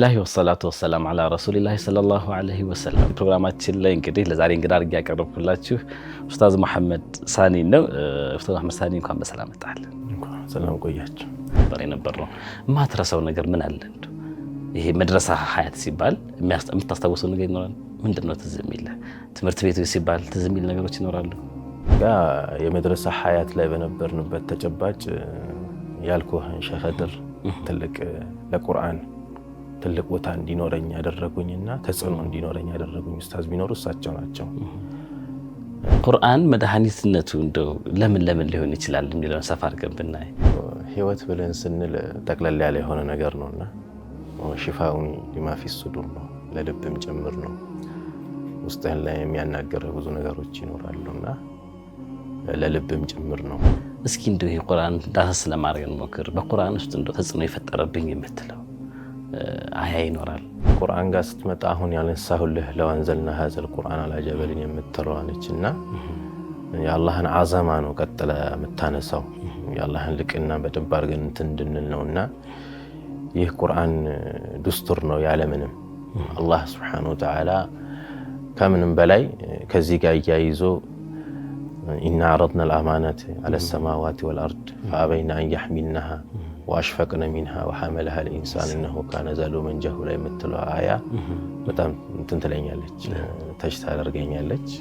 ቢስሚላህ ወሰላቱ ወሰላም አላ ረሱሊላህ ሰለላሁ አለይሂ ወሰለም። ፕሮግራማችን ላይ እንግዲህ ለዛሬ እንግዳ አድርጌ ያቀረብኩላችሁ ኡስታዝ መሐመድ ሳኒ ነው። ኡስታዝ መሐመድ ሳኒ እንኳን በሰላም መጣል። ሰላም ቆያችሁ ነበር የነበር የማትረሳው ነገር ምን አለ? ይሄ መድረሳ ሀያት ሲባል የምታስታውሰው ነገር ይኖራል? ምንድን ነው ትዝ የሚልህ? ትምህርት ቤት ሲባል ትዝ የሚል ነገሮች ይኖራሉ? የመድረሳ ሀያት ላይ በነበርንበት ተጨባጭ ያልኩህ ሸኸድር ትልቅ ለቁርአን ትልቅ ቦታ እንዲኖረኝ ያደረጉኝና ተጽዕኖ እንዲኖረኝ ያደረጉኝ ኡስታዝ ቢኖሩ እሳቸው ናቸው። ቁርአን መድኃኒትነቱ እንደው ለምን ለምን ሊሆን ይችላል የሚለውን ሰፋ አድርገን ብናይ ህይወት ብለን ስንል ጠቅለል ያለ የሆነ ነገር ነው እና ሽፋውን ሊማፊ ሱዱር ነው፣ ለልብም ጭምር ነው። ውስጥህን ላይ የሚያናገረ ብዙ ነገሮች ይኖራሉ እና ለልብም ጭምር ነው። እስኪ እንደው ይህ ቁርአን ዳሰስ ለማድረግ እንሞክር። በቁርአን ውስጥ እንደው ተጽዕኖ የፈጠረብኝ የምትለው አያ ይኖራል። ቁርአን ጋር ስትመጣ አሁን ያነሳሁልህ ለወንዘልና ሀዘል ቁርአን አላጀበልን የምትለዋነች እና የአላህን አዘማ ነው ቀጥለ የምታነሳው የአላህን ልቅና በደንብ አድርገን እንትን እንድንል ነው እና ይህ ቁርአን ዱስቱር ነው ያለምንም አላህ ስብሓነሁ ወተዓላ ከምንም በላይ ከዚህ ጋር እያይዞ ኢና አረድና ልአማናት አለ ሰማዋት ወልአርድ ፈአበይና አንያሕሚልናሃ ዋሽፈቅነ ሚንሃ ወሐመልሃ ልኢንሳን እነሁ ካነ ዘሉመን ጀሁላ የምትለው አያ በጣም እንትን ትለኛለች፣ ተች ታደርገኛለች።